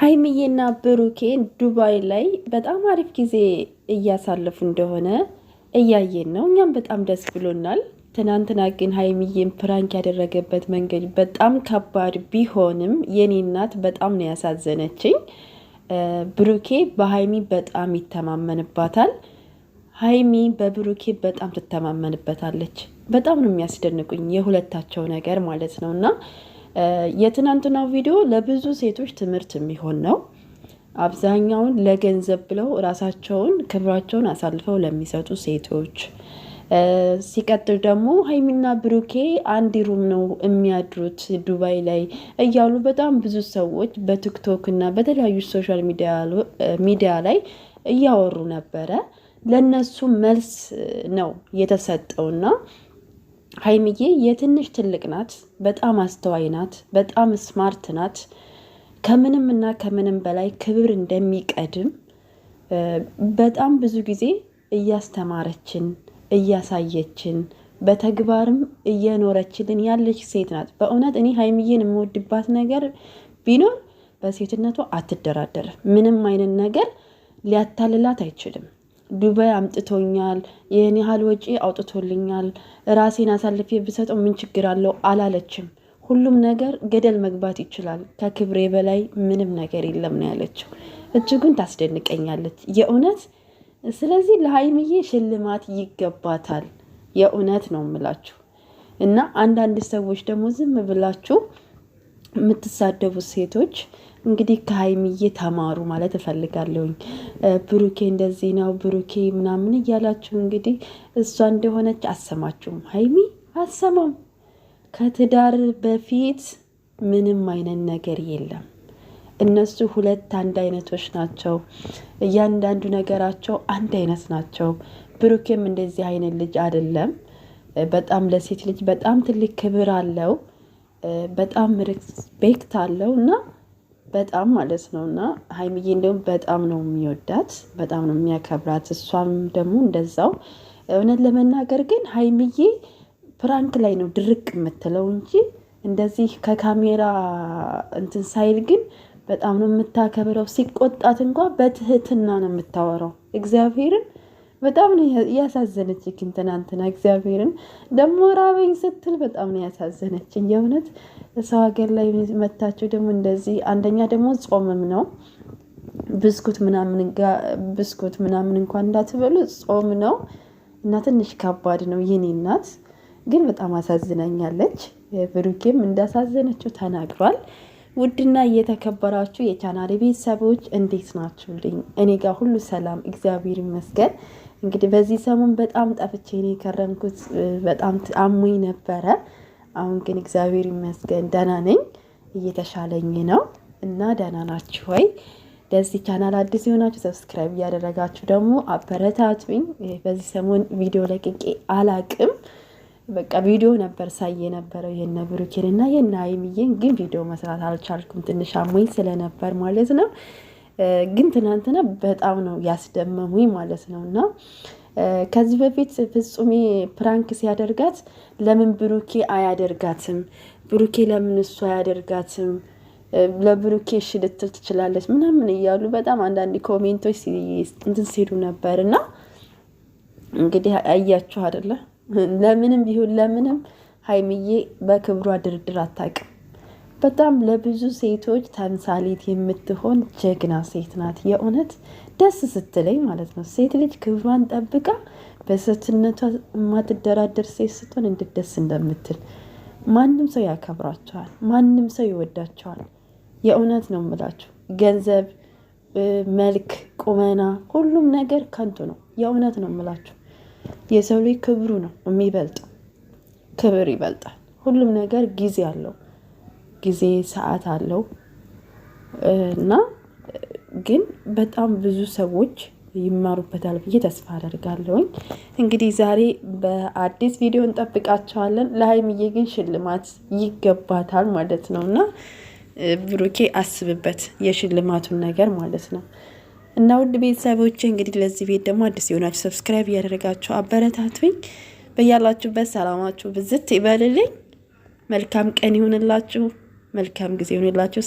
ሀይምዬና ብሩኬ ዱባይ ላይ በጣም አሪፍ ጊዜ እያሳለፉ እንደሆነ እያየን ነው። እኛም በጣም ደስ ብሎናል። ትናንትና ግን ሀይምዬን ፕራንክ ያደረገበት መንገድ በጣም ከባድ ቢሆንም የኔ እናት በጣም ነው ያሳዘነችኝ። ብሩኬ በሀይሚ በጣም ይተማመንባታል። ሀይሚ በብሩኬ በጣም ትተማመንበታለች። በጣም ነው የሚያስደንቁኝ የሁለታቸው ነገር ማለት ነው እና የትናንትናው ቪዲዮ ለብዙ ሴቶች ትምህርት የሚሆን ነው። አብዛኛውን ለገንዘብ ብለው ራሳቸውን ክብራቸውን አሳልፈው ለሚሰጡ ሴቶች ሲቀጥል ደግሞ ሀይሚና ብሩኬ አንድ ሩም ነው የሚያድሩት ዱባይ ላይ እያሉ በጣም ብዙ ሰዎች በቲክቶክ እና በተለያዩ ሶሻል ሚዲያ ላይ እያወሩ ነበረ። ለእነሱ መልስ ነው የተሰጠውና ሀይሚዬ የትንሽ ትልቅ ናት። በጣም አስተዋይ ናት። በጣም ስማርት ናት። ከምንም እና ከምንም በላይ ክብር እንደሚቀድም በጣም ብዙ ጊዜ እያስተማረችን እያሳየችን በተግባርም እየኖረችልን ያለች ሴት ናት። በእውነት እኔ ሀይሚዬን የምወድባት ነገር ቢኖር በሴትነቷ አትደራደርም። ምንም አይነት ነገር ሊያታልላት አይችልም። ዱባይ አምጥቶኛል፣ ይህን ያህል ወጪ አውጥቶልኛል፣ ራሴን አሳልፌ ብሰጠው ምን ችግር አለው አላለችም። ሁሉም ነገር ገደል መግባት ይችላል፣ ከክብሬ በላይ ምንም ነገር የለም ነው ያለችው። እጅጉን ታስደንቀኛለች የእውነት። ስለዚህ ለሀይምዬ ሽልማት ይገባታል። የእውነት ነው የምላችሁ እና አንዳንድ ሰዎች ደግሞ ዝም ብላችሁ የምትሳደቡ ሴቶች እንግዲህ ከሀይሚዬ ተማሩ ማለት እፈልጋለሁኝ። ብሩኬ እንደዚህ ነው ብሩኬ ምናምን እያላችሁ እንግዲህ እሷ እንደሆነች አሰማችሁም። ሀይሚ አሰማም ከትዳር በፊት ምንም አይነት ነገር የለም። እነሱ ሁለት አንድ አይነቶች ናቸው። እያንዳንዱ ነገራቸው አንድ አይነት ናቸው። ብሩኬም እንደዚህ አይነት ልጅ አይደለም። በጣም ለሴት ልጅ በጣም ትልቅ ክብር አለው። በጣም ሪስፔክት አለው እና በጣም ማለት ነው እና ሀይሚዬ እንደውም በጣም ነው የሚወዳት፣ በጣም ነው የሚያከብራት። እሷም ደግሞ እንደዛው። እውነት ለመናገር ግን ሀይሚዬ ፕራንክ ላይ ነው ድርቅ የምትለው እንጂ እንደዚህ ከካሜራ እንትን ሳይል ግን በጣም ነው የምታከብረው። ሲቆጣት እንኳ በትህትና ነው የምታወራው እግዚአብሔርን በጣም ነው ያሳዘነችኝ ትናንትና። እግዚአብሔርን ደግሞ ራበኝ ስትል በጣም ነው ያሳዘነችኝ። የእውነት ሰው ሀገር ላይ መታችሁ ደግሞ እንደዚህ። አንደኛ ደግሞ ጾምም ነው ብስኩት ምናምን ብስኩት ምናምን እንኳን እንዳትበሉ ጾም ነው እና ትንሽ ከባድ ነው። የኔ እናት ግን በጣም አሳዝናኛለች። ብሩኬም እንዳሳዘነችው ተናግሯል። ውድና እየተከበራችሁ የቻናል ቤተሰቦች እንዴት ናችሁልኝ? እኔ ጋር ሁሉ ሰላም እግዚአብሔር ይመስገን። እንግዲህ በዚህ ሰሞን በጣም ጠፍቼ ነው የከረምኩት። በጣም አሙኝ ነበረ። አሁን ግን እግዚአብሔር ይመስገን ደህና ነኝ፣ እየተሻለኝ ነው እና ደህና ናችሁ ወይ? ለዚህ ቻናል አዲስ የሆናችሁ ሰብስክራይብ እያደረጋችሁ ደግሞ አበረታቱኝ። በዚህ ሰሞን ቪዲዮ ለቅቄ አላቅም በቃ ቪዲዮ ነበር ሳይ የነበረው የነ ብሩኬን እና የነ ሀይሚዬን ግን ቪዲዮ መስራት አልቻልኩም። ትንሽ አሞኝ ስለነበር ማለት ነው። ግን ትናንትና በጣም ነው ያስደመሙኝ ማለት ነው እና ከዚህ በፊት ፍጹሜ ፕራንክ ሲያደርጋት ለምን ብሩኬ አያደርጋትም? ብሩኬ ለምን እሱ አያደርጋትም? ለብሩኬ እሺ ልትል ትችላለች ምናምን እያሉ በጣም አንዳንድ ኮሜንቶች እንትን ሲሉ ነበር እና እንግዲህ አያችሁ አይደለ ለምንም ቢሆን ለምንም ሀይምዬ በክብሯ ድርድር አታውቅም። በጣም ለብዙ ሴቶች ተምሳሌት የምትሆን ጀግና ሴት ናት። የእውነት ደስ ስትለኝ ማለት ነው። ሴት ልጅ ክብሯን ጠብቃ በሴትነቷ የማትደራደር ሴት ስትሆን እንዴት ደስ እንደምትል ማንም ሰው ያከብራቸዋል፣ ማንም ሰው ይወዳቸዋል። የእውነት ነው የምላችሁ። ገንዘብ፣ መልክ፣ ቁመና ሁሉም ነገር ከንቱ ነው። የእውነት ነው የምላችሁ። የሰው ልጅ ክብሩ ነው የሚበልጠው። ክብር ይበልጣል። ሁሉም ነገር ጊዜ አለው፣ ጊዜ ሰዓት አለው እና ግን በጣም ብዙ ሰዎች ይማሩበታል ብዬ ተስፋ አደርጋለሁኝ። እንግዲህ ዛሬ በአዲስ ቪዲዮ እንጠብቃቸዋለን። ለሀይሚዬ ግን ሽልማት ይገባታል ማለት ነው እና ብሩኬ አስብበት የሽልማቱን ነገር ማለት ነው። እና ውድ ቤተሰቦች እንግዲህ ለዚህ ቤት ደግሞ አዲስ የሆናችሁ ሰብስክራይብ እያደረጋችሁ አበረታቱኝ። በያላችሁበት ሰላማችሁ ብዝት ይበልልኝ። መልካም ቀን ይሁንላችሁ። መልካም ጊዜ ይሁንላችሁ።